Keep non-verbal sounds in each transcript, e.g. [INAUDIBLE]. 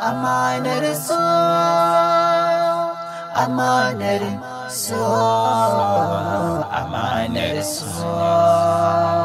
Amanar su. amanar so, amanar su.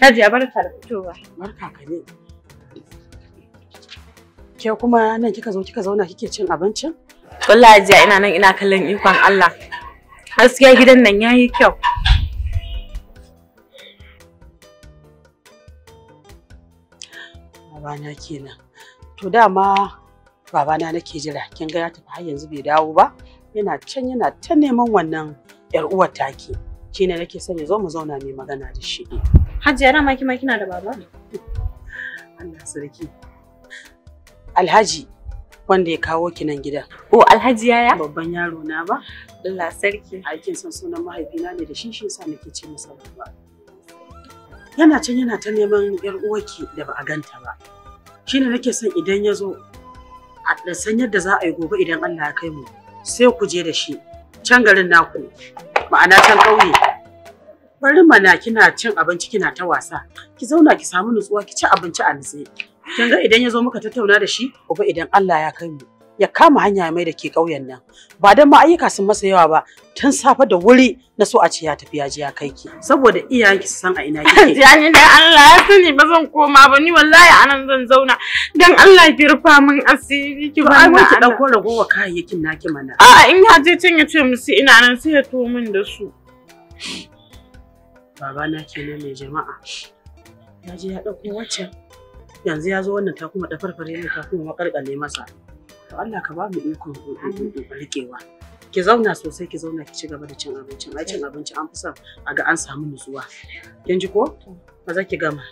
Hajiya barka da fitowa. Barka ka ne. Ke kuma nan kika zo kika zauna kike cin abincin? Wallahi Hajiya ina nan ina kallon ikon Allah. Gaskiya gidan nan yayi kyau. Babana kenan. To dama babana nake jira kin ga ya tafi har yanzu bai dawo ba yana can yana ta neman wannan yar uwar take. kina nake son ya zo mu zauna mai magana da shi. Hajiya maki maki na da baba? Allah sarki. Alhaji wanda ya kawo ki nan gidan. Oh Alhaji yaya? Babban yaro na ba. Allah sarki. Aikin son sunan mahaifina ne da shi shi yasa nake ce masa baba. Yana can yana ta neman yar uwarki da ba a ganta ba. Shine nake son idan ya zo a san yadda za a yi gobe idan Allah ya kai mu sai ku je da shi can garin naku ma'ana can ƙauye. bari mana kina cin abinci kina ta wasa ki zauna ki samu nutsuwa ki ci abinci a nutse kin ga idan ya zo muka tattauna da shi uba idan Allah ya kai mu ya kama hanya mai da ke kauyen nan ba dan ma ayyuka sun masa yawa ba tun safe da wuri na so a ce ya tafi ya je ya kai ki saboda iyayenki su san a ina [LAUGHS] kike ji ni dai, Allah ya sani ba zan koma ba ni wallahi anan zan zauna dan Allah ki firfa min asiri ki ba ni ki dauko ragowa kayayyakin naki mana a'a in ya je can ya ce musu ina nan sai ya to min da su babana kenan mai jama'a ya ya ɗauko waccan yanzu ya zo wannan ta kuma da farfare ne ta kuma makarƙale masa to Allah ka ba mu ikon rikewa ki zauna sosai ki zauna ki ci gaba da cin abincin ai cin abinci an fi son a ga an samu nutsuwa kin ji ko ba za ki gama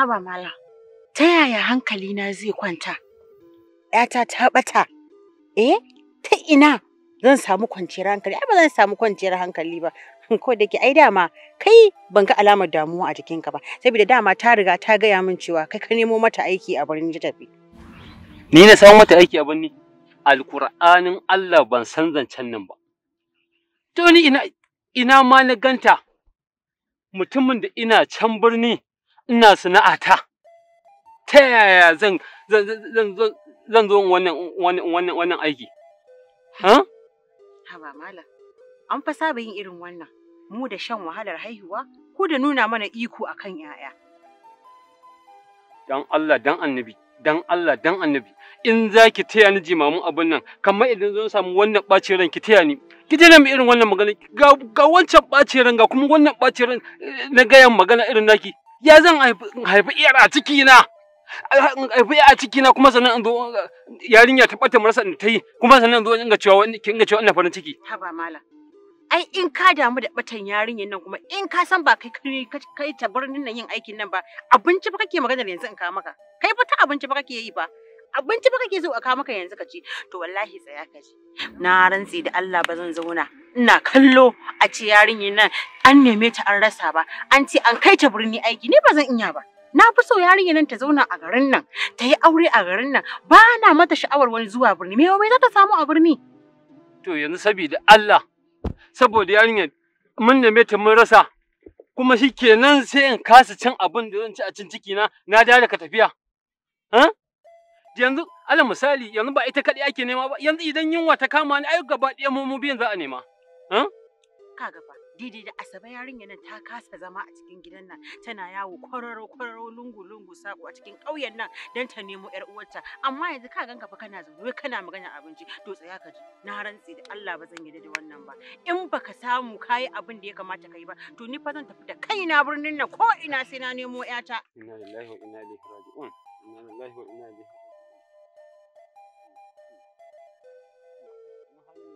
Haba mala, ta yaya hankalina zai kwanta? ‘Yata ta ɓata, eh, ta ina zan samu kwanciyar hankali, ai ba zan samu kwanciyar hankali ba. [LAUGHS] Ko da ke ai dama kai ban ga alamar damuwa a jikinka ba, saboda dama ta riga ta gaya min cewa kai ka nemo mata aiki a birnin ta tafi. Ni na samu mata aiki a birni? alkur'anin Allah ban san zancen nan ba. To ni ina ina ma na ganta mutumin da ina can birni ina sana'ata ta yaya zan zan zan zan zo wannan wannan wannan aiki ha haba malam an fa saba yin irin wannan mu da shan wahalar haihuwa ko da nuna mana iko akan yaya dan Allah dan annabi dan Allah dan annabi in za ki taya ni jimamin abin nan kamar idan zan samu wannan ɓacin ran ki taya ni ki taya mu irin wannan magana ga, ga wancan ɓacin ran ga kuma wannan ɓacin ran eh, na gayan magana irin naki ya zan haifi iyar a ciki na haifi a ciki na kuma sannan in zo yarinya ta bata marasa ta yi kuma sannan in zo in ga cewa in ga cewa ina farin ciki haba mala ai in ka damu da batan yarinyar nan kuma in ka san ba kai kai ta birnin nan yin aikin nan ba abinci ba kake magana yanzu in ka maka kai ba ta abinci ba kake yi ba abinci ba kake so a ka maka yanzu ka ci to wallahi tsaya ka ji na rantsi da Allah ba zan zauna ina kallo a ce yarinya nan an neme ta an rasa ba an ce an kai ta birni aiki ni ba zan iya ba na fi so yarinya nan ta zauna a garin nan ta yi aure a garin nan ba na mata sha'awar wani zuwa birni me wai za ta samu a birni to yanzu saboda Allah saboda yarinya mun neme ta mun rasa kuma shikenan sai in kasa cin abin da zan ci a cin ciki na na da ka tafiya yanzu alal misali yanzu ba ita kaɗai ake nema ba yanzu idan yunwa ta kama ni ai gaba ɗaya mu biyan za a nema Kaga fa, daidai da Asabe yarinya nan ta kasa zama a cikin gidan nan, tana yawo kwararo kwararo lungu lungu sako a cikin ƙauyen nan don ta nemo ƴar uwarta. Amma yanzu ka ganka fa kana zaune kana magana abinci, to tsaya ka ji. Na rantse da Allah ba zan yarda da wannan ba. In baka samu kayi abin da ya kamata kai ba, to ni fa zan tafi da kaina birnin nan ko ina sai na nemo ƴata. Inna lillahi wa inna ilaihi raji'un. Inna lillahi wa inna ilaihi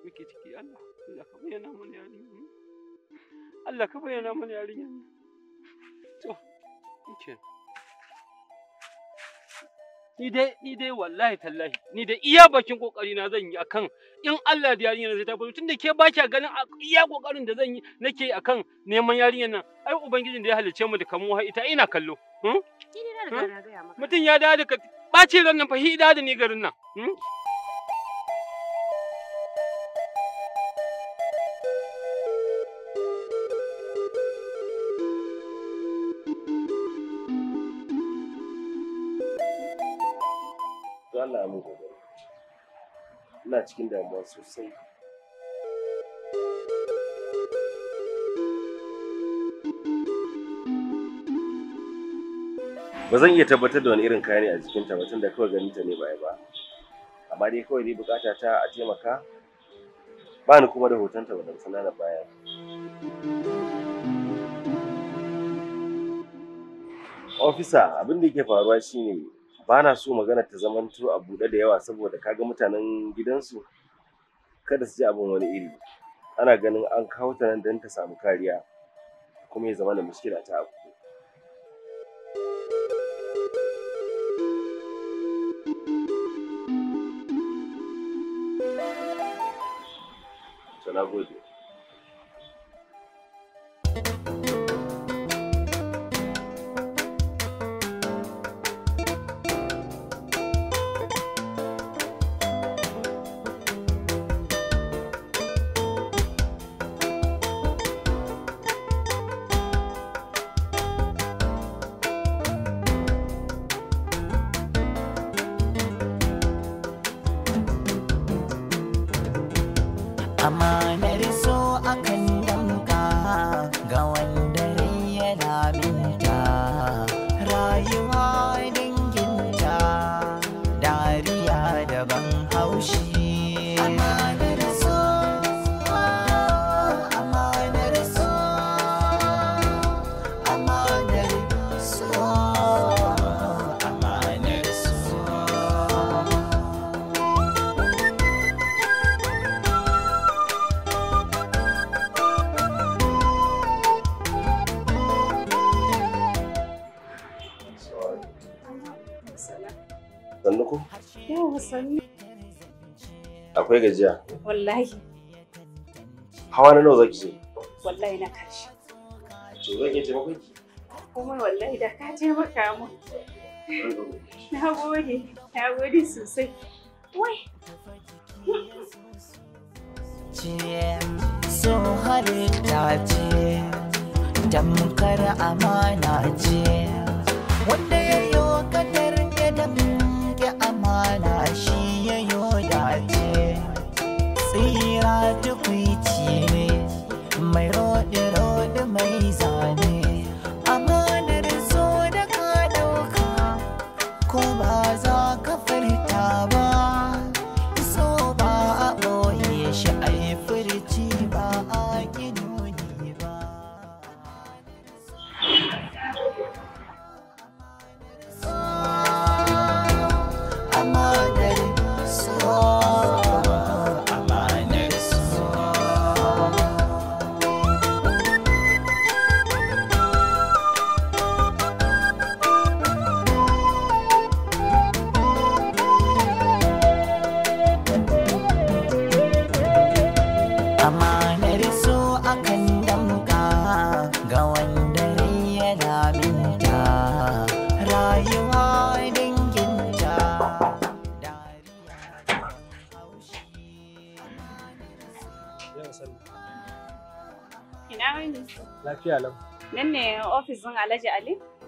muke ciki Allah Allah ka bayyana mana yarinya Allah ka bayyana mana yarinya to kike ni dai ni dai wallahi tallahi ni dai iya bakin kokari na zan yi akan in Allah da yarinyar zai ta tunda ke ba kya ganin iya kokarin da zan yi nake akan neman yarinyar nan ai ubangijin da ya halicce mu da kamo ita ina kallo hmm? hmm? mutum ya dawo da ka ɓace ran nan fa hi da ni garin nan Hmm? cikin damuwa sosai ba zan iya tabbatar da wani irin kaya ne a jikinta ba tunda kawai ganin ta ne ba ba amma dai kawai dai bukata ta a taimaka ba ni kuma da hotonta wadda sana na baya ofisa abin da yake faruwa shine ba na so magana ta zamanto a buɗe da yawa saboda kaga mutanen gidansu kada su ji abin wani iri ana ganin an kawo ta nan don ta samu kariya kuma ya zama da muskila ta abu Na gode. salam. Sannu ku? Yawa sannu. Akwai gajiya? Wallahi. Hawa na nawa zaki je? Wallahi na karshe. To zan iya taimakon ki? Kuma wallahi da ka taimaka mun. [LAUGHS] Na gode, na gode sosai. Wai. So halitta damkar amana ce, wanda ya kadar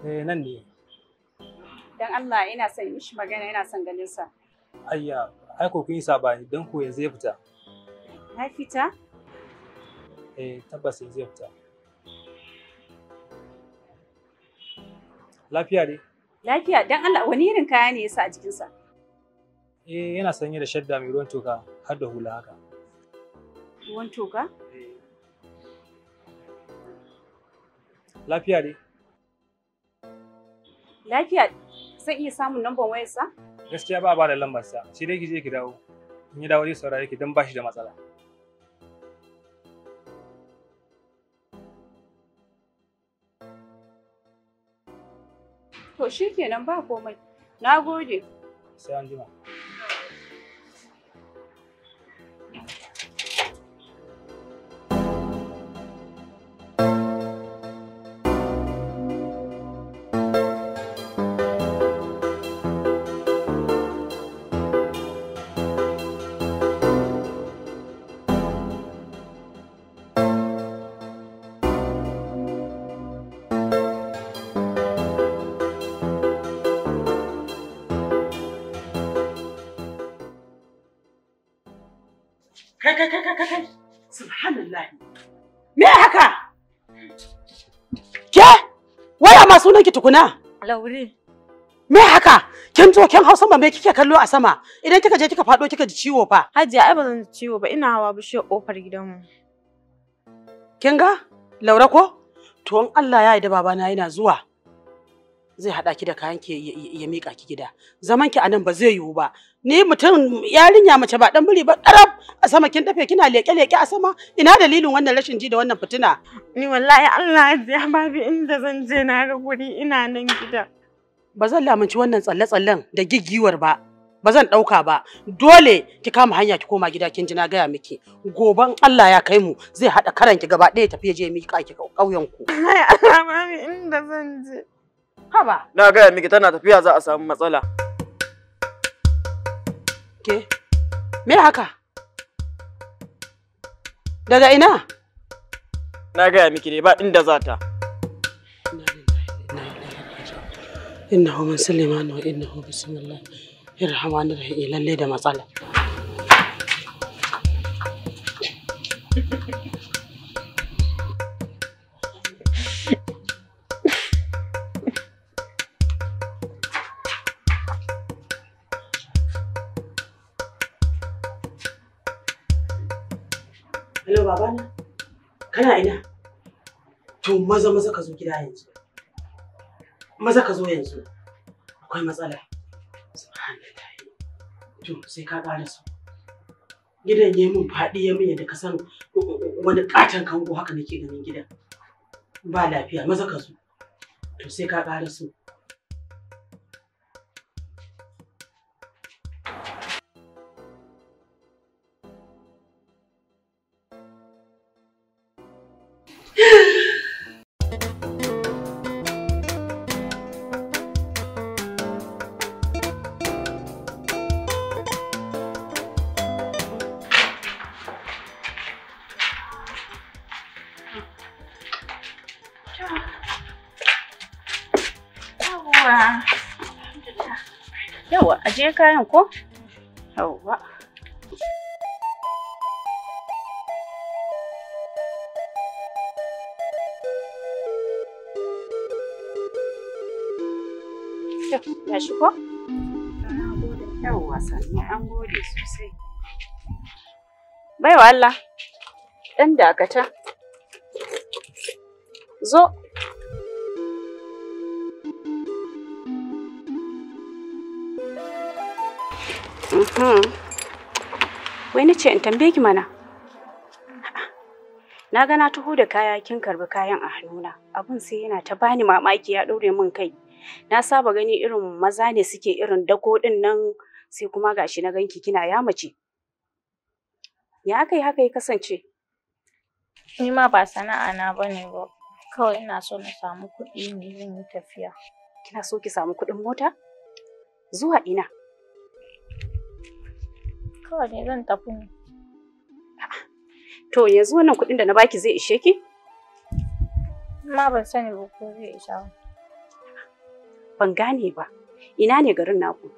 eh nan ne dan Allah ina son mishi magana ina son ganin sa ayya ai ko kun yi sabani dan ko yanzu ya fita ya fita eh tabbas yanzu ya fita lafiya ne lafiya dan Allah wani irin kaya ne yasa a jikin sa eh yana sanye da shadda mai ruwan toka har da hula haka ruwan toka eh. lafiya ne Lafiya zai iya samun lambar wayarsa? Gaskiya ba ba da lambarsa, sai dai ki je ki dawo. In ya dawo zai saurare ki don ba shi da matsala. To shi kenan ba komai. Na gode. Sai an jima. kai kai kai kai subhanallah me haka ke waya ma sunan ki tukuna lauri me haka kin zo kin hausa ba me kike kallo a sama idan kika je kika fado kika ji ciwo fa hajiya ai ba zan ji ciwo ba ina hawa bishiyar kofar gidanmu kin ga laura ko to in Allah ya yarda babana yana zuwa zai hada ki da kayan ki ya mika ki gida zaman ki anan ba zai yiwu ba ni mutum yarinya mace ba dan muri ba ɗarab a sama kin dafe kina leke-leke a sama ina dalilin wannan rashin ji da wannan fitina ni wallahi Allah ya babu inda zan je na ga guri ina nan gida ba zan lamunci wannan tsalle-tsallen da giggiwar ba ba zan ɗauka ba dole ki kama hanya ki koma gida kin ji na gaya miki goban Allah ya kai mu zai haɗa karan ki gaba ɗaya tafiye je ki ƙauyen ku ai Allah inda zan je haba na gaya miki tana tafiya za a samu matsala Ke, me haka? Daga ina? Na gaya miki ne ba inda za ta. Inna hu min Suleiman wa inna hu bismillah. Irhamani rahim lalle da matsala. Hello babana. Kana ina? To maza maza ka zo gida yanzu. Maza ka zo yanzu. Akwai matsala. To sai ka ƙara su. Gidan ya min faɗi ya min yadda ka san wani ƙaton kango haka nake ganin gidan. Ba lafiya maza ka zo. To sai ka ƙara su. kayan ko? Yawwa. Ya shi ko? Yawwa sani an gode sosai. Baiwa Allah, ɗan dakata. Zo, Hmm. Wai na ce in tambaye ki mana. Na ga na taho da kaya kin karbi kayan a hannuna. Abun sai yana ta bani mamaki ya ɗaure min kai. Na saba gani irin maza ne suke irin dako ɗin nan sai kuma gashi na ganki kina mace. Ya kai haka ya kasance? Ni ma ba sana'a na bane ba. Kawai ina so na samu kuɗi ne zan yi tafiya. Kina so ki samu kuɗin mota? Zuwa ina? Kawai ne zan tafi ne. To yanzu wannan kuɗin da na baki zai ishe ki? Ma ban sani ba ko zai isha ba. Ban gane ba. Ina ne garin naku?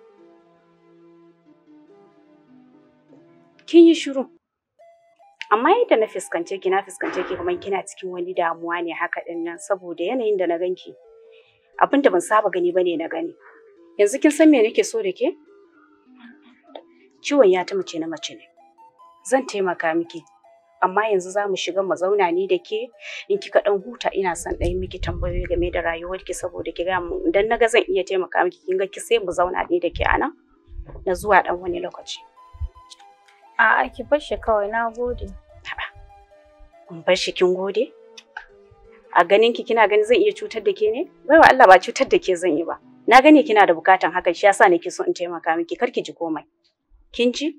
Kin yi shiru. Amma yadda na fuskance ki na fuskance ki kuma kina cikin wani damuwa ne haka din nan saboda yanayin da na ganki. abinda ban saba gani bane na gani. Yanzu kin san me nake so da ke? ciwon ya ta mace na mace ne zan taimaka miki amma yanzu za mu shiga mu zauna ni da ke in kika dan huta ina son ɗan miki tambayoyi game da rayuwarki saboda ki ga mu idan naga zan iya taimaka miki kin ga ki sai mu zauna ni da ke anan na zuwa dan wani lokaci a'a ki bar shi kawai na gode in bar shi kin gode a ganin ki kina gani zan iya cutar da ke ne baiwa Allah ba cutar da ke zan yi ba na gani kina da bukatan hakan shi yasa nake so in taimaka miki kar ki ji komai Kin ji?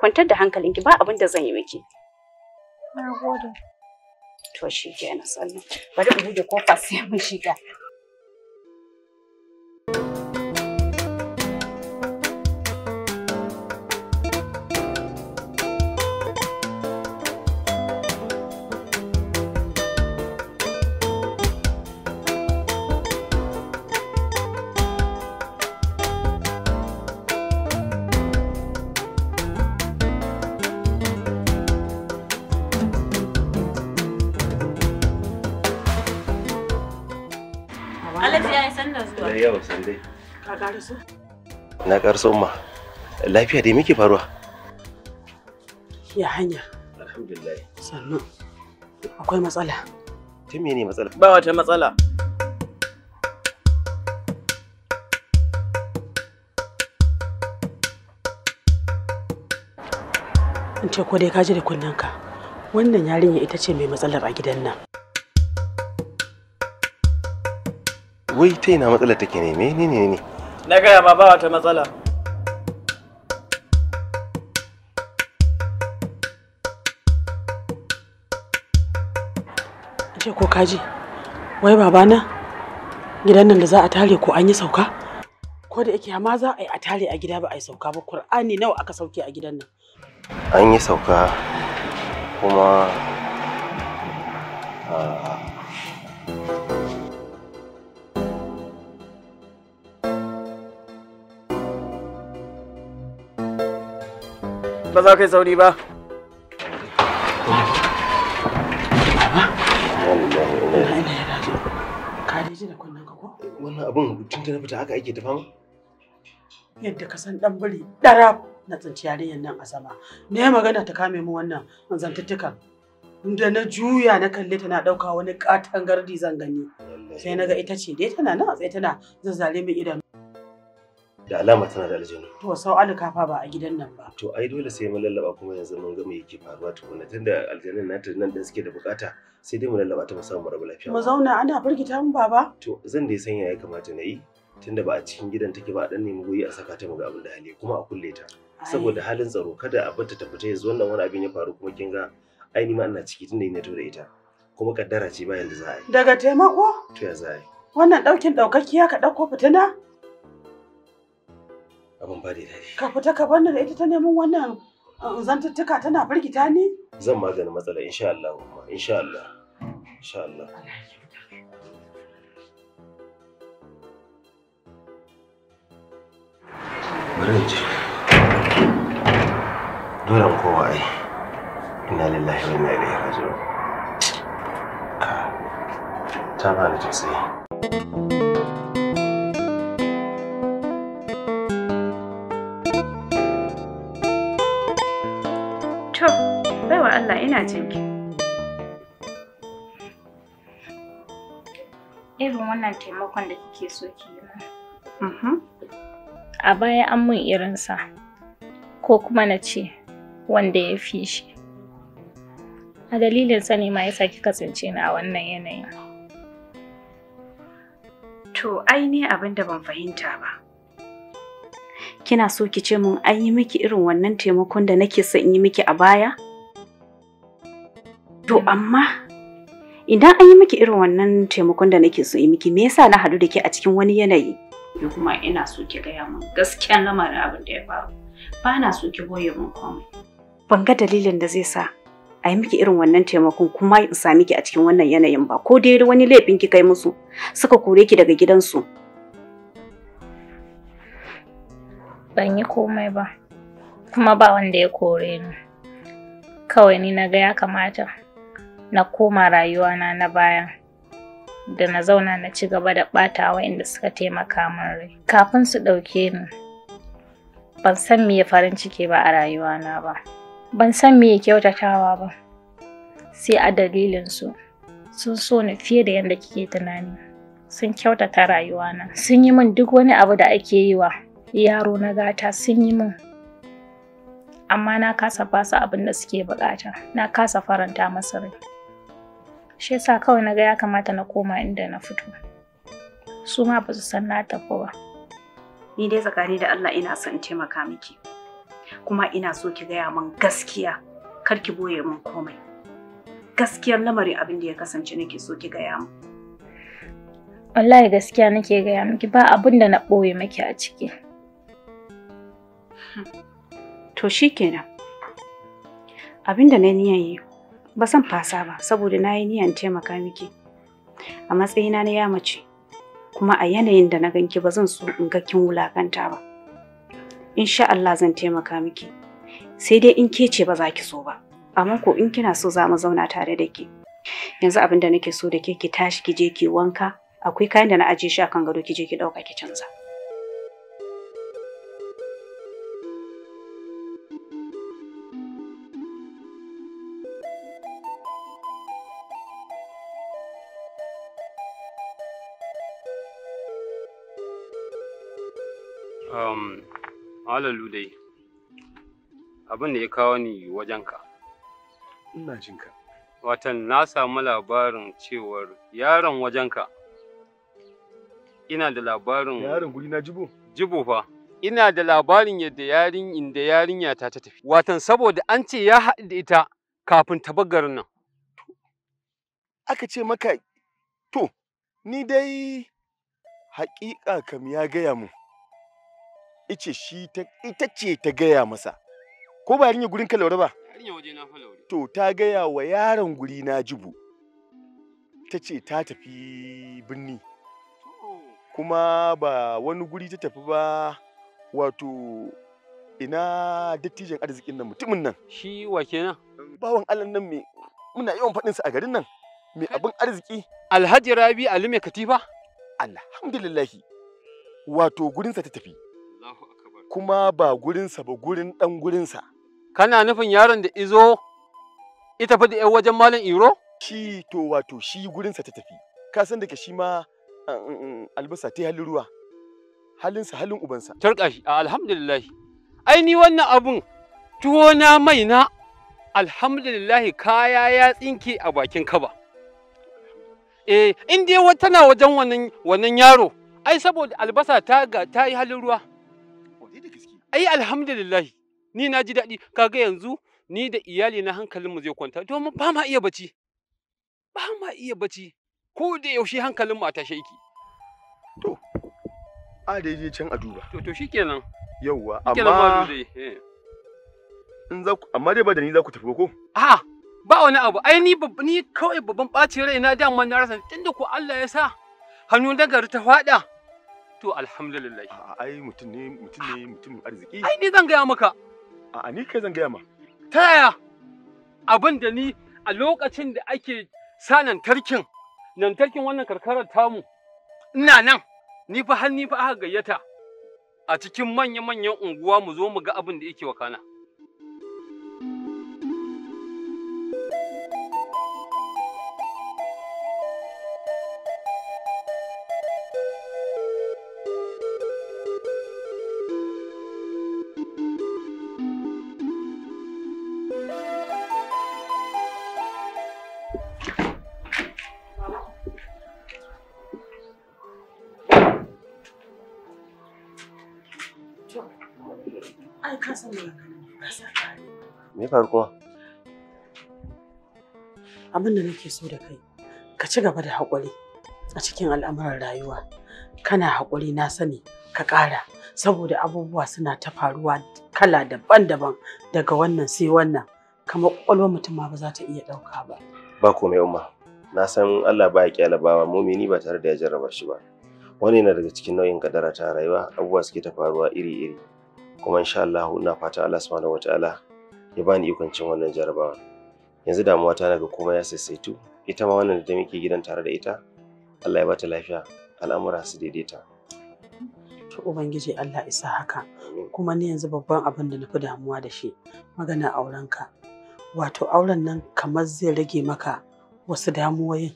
Kwantar da hankalinki ba abin da zan yi miki. Na gode. To shi kenan sannan. Bari in buɗe kofa sai mun shiga. Na ƙar Na karaso umma. Lafiya dai muke faruwa. Ya hanya. Alhamdulillah. Sannan akwai matsala. Ta mene matsala? Ba wata matsala. In ce ko dai ka ji da ka. Wannan yarinya ita ce mai matsalar a gidan nan. wai ta ina matsalar take ne menene ne na gaya ma ba wata matsala ce ko kaji wai babana gidan nan da za a tare ko an yi sauka ko da yake ma za a yi a tare a gida ba a yi sauka ba qur'ani nawa aka sauke a gidan nan an yi sauka kuma ah, ba za ka yi sauri ba wannan abin tun da fita haka ake tafa yadda ka san ɗanbiri, ɗara, na tsinci yarinyar nan a sama yi magana ta kame mu wannan zantattukan da na juya na kalli tana ɗauka wani katon gardi zan gani sai na ga ita ce dai tana nan a tsaye tana zazzale mai idanu da alama tana da aljanu. To sau alikafa ba a gidan nan ba. To ai dole sai mun lallaba kuma yanzu mun ga me yake faruwa tukuna tunda aljanun nata nan din suke da bukata sai dai mu lallaba ta mu samu rabu lafiya. Mu zauna ana firgita mu baba. To zan dai sanya ya kamata na yi tunda ba a cikin gidan take ba dan nemi goyi a saka ta mu ga abin da hali kuma a kulle ta. Saboda halin tsaro kada a bata ta ta fita yanzu wannan wani abin ya faru kuma kin ga ai ciki ma ina ciki tunda ina da ita. Kuma kaddara ce bayan da za a yi. Daga taimako? To ya za a yi. Wannan ɗaukin ɗaukakkiya ka ɗauko fitina? abin ba da dadi. Ka fita ka bani da ita ta neman wannan uh, zantuttuka tana firgita ni? Zan magana matsala insha Allah umma insha Allah insha Allah. Bari ji. Dole kowa ai. Inna lillahi wa inna ilaihi raji'un. Ka ta bani tausayi. thank you Allah ina jinki. Irin wannan taimakon da kike so ki yi mm-hmm. A baya an mun irinsa, ko kuma na ce wanda ya fi shi. A dalilin sani ma yasa kika tsince ni a wannan yanayin. To, ai ne abin da ban fahimta ba. kina so ki ce mun an yi miki irin wannan taimakon da nake son in yi miki a baya? To mm. amma idan an yi miki irin wannan taimakon da nake so yi miki me yasa na hadu da ke a cikin wani yanayi? Ni kuma ina so ki gaya min gaskiyan lamarin abin da ya faru. Ba na so ki boye min komai. Ban ga dalilin da zai sa a yi miki irin wannan taimakon kuma in sami ki a cikin wannan yanayin ba ko dai wani laifin ki kai musu suka kore ki daga gidansu. Ban yi komai ba kuma ba wanda ya kore ni. Kawai ni na ga ya kamata na koma rayuwana na baya da na zauna na ci gaba da ɓata inda suka taimaka min rai kafin su ɗauke ni ban san me farin ciki ba a rayuwana ba ban san me kyautatawa ba sai a dalilin su sun so ni fiye da yadda kike tunani sun kyautata rayuwana sun yi min duk wani abu da ake yi wa yaro na gata sun yi min amma na kasa fasa abin da suke bukata na kasa faranta masa rai shi yasa kawai na ga ya kamata na koma inda na fito su ma ba su san na tafi ba ni dai tsakani da Allah ina son taimaka miki kuma ina so ki gaya min gaskiya kar ki boye min komai gaskiyar lamarin abin da ya kasance nake so ki gaya min wallahi gaskiya nake gaya miki ba abin da na boye miki a ciki hmm. to shikenan abin da na niyan yi ba san fasa ba saboda na yi niyan taimaka miki a matsayina na ya mace kuma a yanayin da na ganki ba zan so in ga kin wulakanta ba insha Allah zan taimaka miki sai dai in kece ba za ki so ba amma ko in kina so za mu zauna tare da ke yanzu abin da nake so da ke ki tashi ki je ki wanka akwai kayan da na ajiye shi akan gado ki je ki dauka ki canza Um, Alalu dai, abin da ya kawo ni wajenka. Ina jinka. Watan na samu labarin cewar yaron wajenka. Ina da labarin... Yaron guri na jibo? Jibo fa. Ina da labarin yadda yarin inda yarinya ta ta tafi. Watan saboda an ce ya haɗu da ita kafin ta nan. Aka ce maka, to, ni dai haƙiƙa kam ya gaya mu. ice shi ta ita ce ta gaya masa ko ba yarinya gurin ka laure ba yarinya waje na fa to ta gaya wa yaron guri na jibu ta ce ta tafi birni kuma ba wani guri ta tafi ba wato ina dattijan arzikin nan mutumin nan shi wa kenan bawan Allah nan me muna yawan faɗin sa a garin nan me abin arziki Alhaji Rabi Ali mai katifa alhamdulillah wato gurin sa ta tafi kuma ba gurinsa ba gurin ɗan gurinsa. Kana nufin yaron da izo ita fi da ‘yan wajen Malam Iro? Shi to wato shi gurinsa ta tafi. Ka san da shi ma albasa ta halin ruwa. Halinsa halin ubansa. Tarka shi, alhamdulillah. Ai ni wannan abun tuwo na mai na alhamdulillah kaya ya tsinke a bakin kaba. Eh, in dai tana wajen wannan yaro, ai saboda albasa ta ga ta yi halin ruwa. ai alhamdulillahi ni na ji daɗi kaga yanzu ni da iyali na hankalinmu zai kwanta domin ba ma iya bacci ba ma iya bacci ko da yaushe hankalinmu a tashe yake to a daidai can a duba to to shikenan yauwa amma eh. in za ku amma dai ba da ni za ku tafi ko a ba wani abu ai ni ni kawai babban ɓacin raina da man na rasa tunda ko Allah ya sa hannu na gari ta faɗa To alhamdulillah. Ai mutum ne mutum ne mutumin arziki. Ai ni zan gaya maka. A ni kai zan gaya ma. Ta yaya? Abin da ni a lokacin da ake sa lantarkin lantarkin wannan karkarar tamu ina nan ni fa har ni fa aka gayyata a cikin manya-manyan unguwa mu zo mu ga abin da yake wakana. Me farko Abin da nake so da kai, ka ci gaba da haƙuri a cikin al'amuran rayuwa. Kana haƙuri na sani ka ƙara, saboda abubuwa suna ta faruwa kala daban-daban daga wannan sai wannan. Kamar ƙwaƙwalwar mutum ma ba za ta iya ɗauka ba. Ba komai umma, na san Allah ba ya ƙyala ba mumini ba tare da ya jarraba shi ba. Wani yana daga cikin nau'in kadara ta rayuwa abubuwa suke ta faruwa iri-iri. Kuma insha Allah ina fata Allah subhanahu wataala ya bani ikon cin wannan jarabawa yanzu damuwa ta naga komai ya saisaitu ita ma wannan da muke gidan tare da ita Allah ya bata lafiya al'amura su daidaita to ubangiji Allah isa haka kuma ni yanzu babban abin da nafi damuwa da shi magana aurenka wato auren nan kamar zai rage maka wasu damuwoyin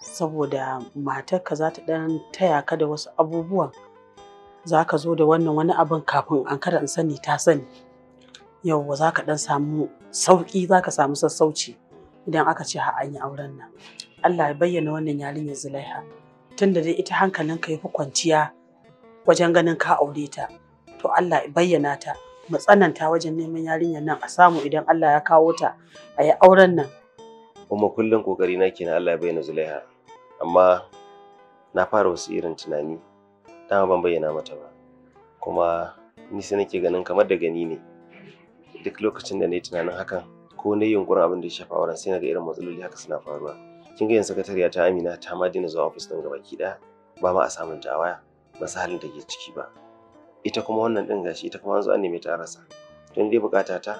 saboda matarka za ta dan taya ka da wasu abubuwan za ka zo da wannan wani abin kafin an kada in sani ta sani yauwa za ka ɗan samu sauƙi za ka samu sassauci idan aka ce ha an yi auren nan Allah ya bayyana wannan yarinya Zulaiha tunda dai ita hankalinka ya fi kwanciya wajen ganin ka aure ta to Allah ya bayyana ta mu tsananta wajen neman yarinyar nan a samu idan Allah ya kawo ta a yi auren nan kuma kullum kokari na kenan Allah ya bayyana Zulaiha amma na fara wasu irin tunani dama ban bayyana mata ba kuma ni sai nake ganin kamar da gani ne duk lokacin da na yi tunanin hakan ko na yi yunkurin abin da ya shafa auren sai na ga irin matsaloli haka suna faruwa kin ga yin sakatariya ta Amina ta ma daina zuwa ofis din gabaki daya ba ma a samun ta waya ba sa halin da ke ciki ba ita kuma wannan din gashi ita kuma an zo an neme ta rasa Don dai bukata ta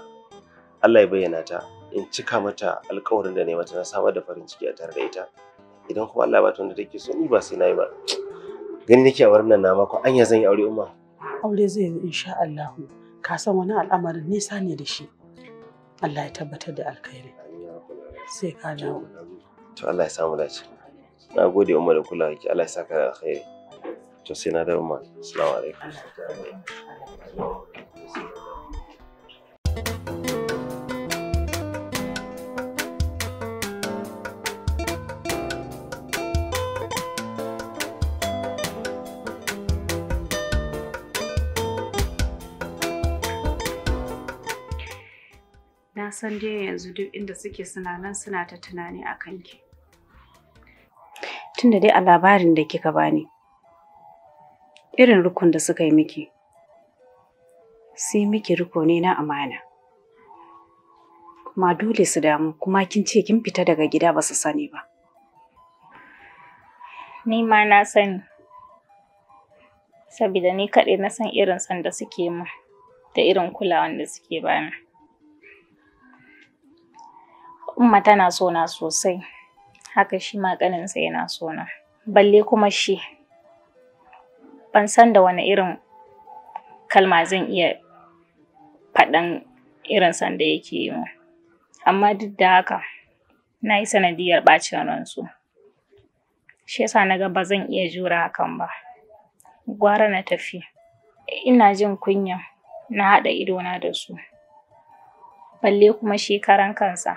Allah ya bayyana ta in cika mata alƙawarin da na mata na samar da farin ciki a tare da ita idan kuma Allah ba ta wanda take so ni ba sai na yi ba gani nake a wurin nan na mako anya zan yi aure umma aure zai yi insha Allah ka san wani al'amarin nisa ne da shi Allah ya tabbatar da alkhairi sai ka dawo to Allah ya samu dace na gode umma da kulawa ki Allah ya saka alkhairi to sai na dawo ma assalamu alaikum san dai yanzu duk inda suke suna nan suna ta tunani a kanki. Tunda dai a labarin da kika bani, irin rukun da suka yi miki, sai miki riko ne na amana. Kuma dole su damu kuma kin ce kin fita daga gida ba su sani ba. Ni ma na sani, saboda ni kaɗai na san irin sanda suke min da irin kulawan da suke bani. Umma tana so na sosai, haka shi ma ƙaninsa yana so na. Balle kuma shi, ban san da wani irin kalma zan iya faɗan irin sanda yake yi Amma duk da haka, na yi sanadiyar ɓacin ransu. Shi yasa na ga ba zan iya jura hakan ba. Gwara na tafi. Ina jin kunya na haɗa idona da su. Balle kuma shi karan kansa.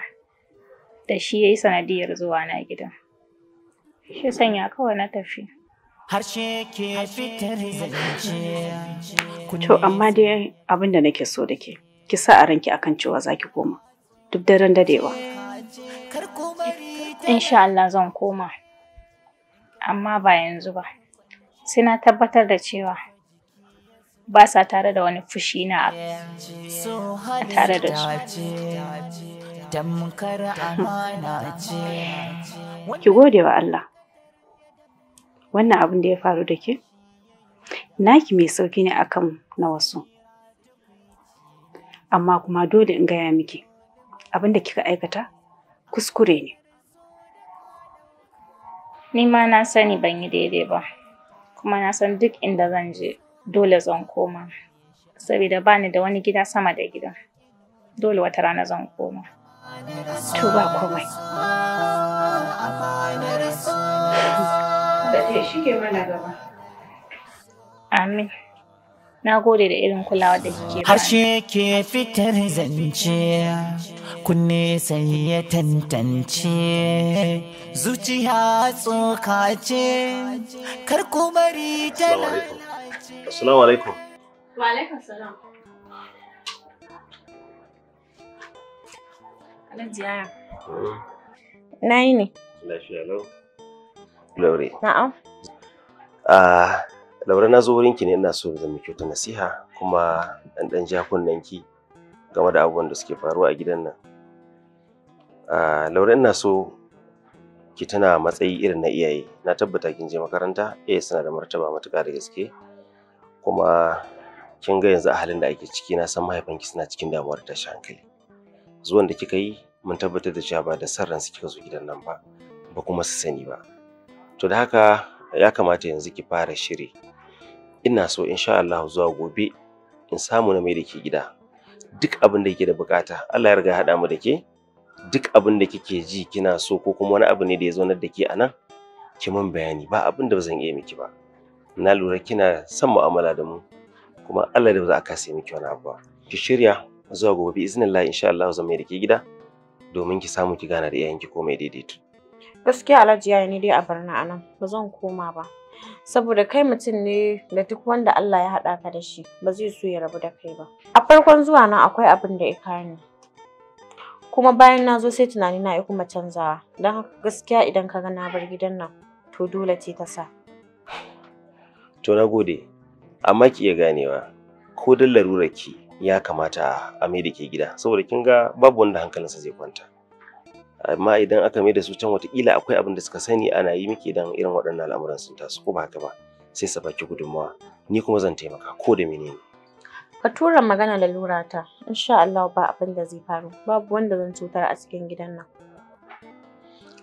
da shi ya yi sanadiyar zuwa na gida. Shi sanya kawai na tafi. Harshe amma dai abin da nake so da ke, ki sa a ranki akan cewa za ki koma, duk daren dadewa. Insha Allah zan koma, amma ba yanzu ba. Sai na tabbatar da cewa ba sa tare da wani fushi na a tare da su. ki gode wa Allah wannan abin da ya faru da ke naki mai sauki ne akan na wasu amma kuma dole in gaya miki abin da kika aikata kuskure ne ni ma na sani ban yi daidai ba kuma na san duk inda zan je dole zan koma saboda bani da wani gida sama da gida dole wata rana zan koma To ba komai. Amin. Na gode da irin kulawa da kike Harshe ke fitar zance, kunne sai ya tantance, zuciya tsoka ce, kar ku bari ta lalace. Assalamu alaikum. Wa alaikum salam. Alhaji Na yi ne. Ah, na zo wurinki ne ina so zan miki kyauta nasiha kuma dan dan ja ki game da abubuwan da suke faruwa a gidan nan. Ah, Laure ina so ki tana matsayi irin na iyaye. Na tabbata kin je makaranta, eh suna da martaba matuƙa da gaske. Kuma kin ga yanzu a halin da ake ciki na san mahaifanki suna cikin damuwar tashin hankali. zuwan da kika yi mun tabbatar da cewa ba da san ransu kika zo gidan nan ba ba kuma su sani ba to da haka ya kamata yanzu ki fara shiri ina so insha Allah zuwa gobe in samu na mai da ke gida duk abin da kike da bukata Allah ya riga haɗa mu da ke duk abin da kike ji kina so ko kuma wani abu ne da ya zo da ke anan ki mun bayani ba abin da ba zan iya miki ba na lura kina son mu'amala da mu kuma Allah da ba za a kasa miki wani abu ba ki shirya zuwa gobe bi Allah insha Allah zan mai da ke gida domin ki samu ki gana da ko komai daidaito. gaskiya alhaji yayi ni dai a barna anan ba zan koma ba saboda kai mutum ne da duk wanda Allah ya haɗa ka da shi ba zai so ya rabu da kai ba a farkon zuwa nan akwai abin da ya ni kuma bayan na zo sai tunani na ya kuma canzawa don haka gaskiya idan ka ga na bar gidan nan to dole ce ta sa to na gode amma ki iya ganewa ko dan larurar ki ya kamata a mai da ke gida saboda kin ga babu wanda hankalinsa zai kwanta amma idan aka mai da su can watakila akwai abin da suka sani ana yi miki idan irin waɗannan al'amuran sun taso ko ba haka ba sai sa baki gudunmawa ni kuma zan taimaka ko da menene ka tura magana lura ta insha Allah ba abin da zai faru babu wanda zan cutar a cikin gidan nan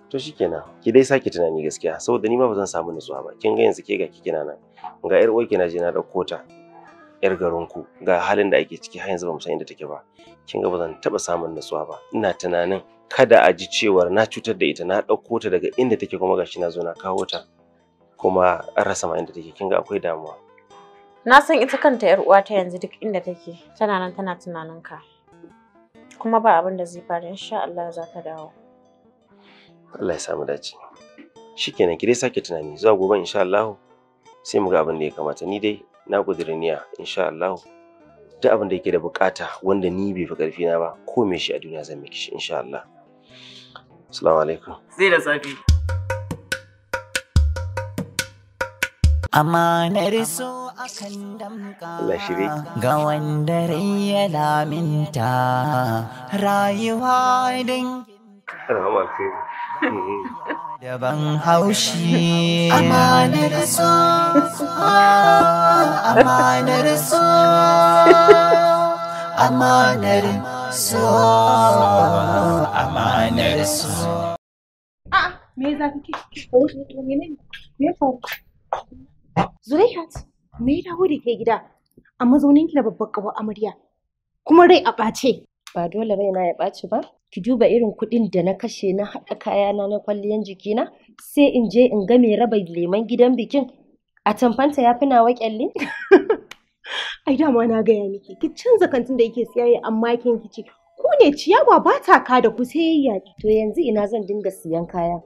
to shikenan ki dai sake tunani gaskiya saboda ni ma ba zan samu nutsuwa ba kin ga yanzu ke ga kike nan ga yar uwarki na je na dauko ta yar garinku ga halin da ake ciki har yanzu bamu san inda take ba kin ga ba zan taba samun nutsuwa ba ina tunanin kada a ji cewar na cutar da ita na ɗauko ta daga inda take kuma gashi na zo na kawo ta kuma an rasa ma inda take kin ga akwai damuwa na san ita kanta yar uwa ta yanzu duk inda take tana nan tana tunanin ka kuma ba abin da zai faru insha Allah za ta dawo Allah ya samu dace shikenan ki dai sake tunani zuwa gobe insha Allah sai mu ga abin da ya kamata ni dai na ƙudiri niya insha Allah duk abin da yake da bukata wanda ni bai fi ƙarfi na ba ko me shi a duniya zan miki shi insha Allah assalamu alaikum sai da safi amanar so akan damka ga wanda rai ya laminta rayuwa din Rahama [LAUGHS] daban haushi ah, amanar so amanar so amanar so amanar so me za ki me faru Zulaihat me ya dawo da ke gida a mazauninki na babbar kawo amarya kuma rai a ɓace ba dole raina ya ɓace ba ki duba irin kuɗin da na kashe na haɗa kayana na kwalliyan jikina sai in je in ga mai raba leman gidan bikin a tamfanta ya fi nawa kyalli [LAUGHS] ai dama na gaya miki ki canza kantin da yake siyayya amma kin kici ku ne ciyawa ba ta ka da ku sayayya to yanzu ina zan dinga siyan kaya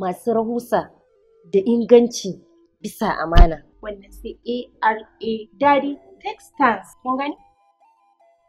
masu rahusa da inganci bisa amana wannan sai ARA Daddy Textiles kun gani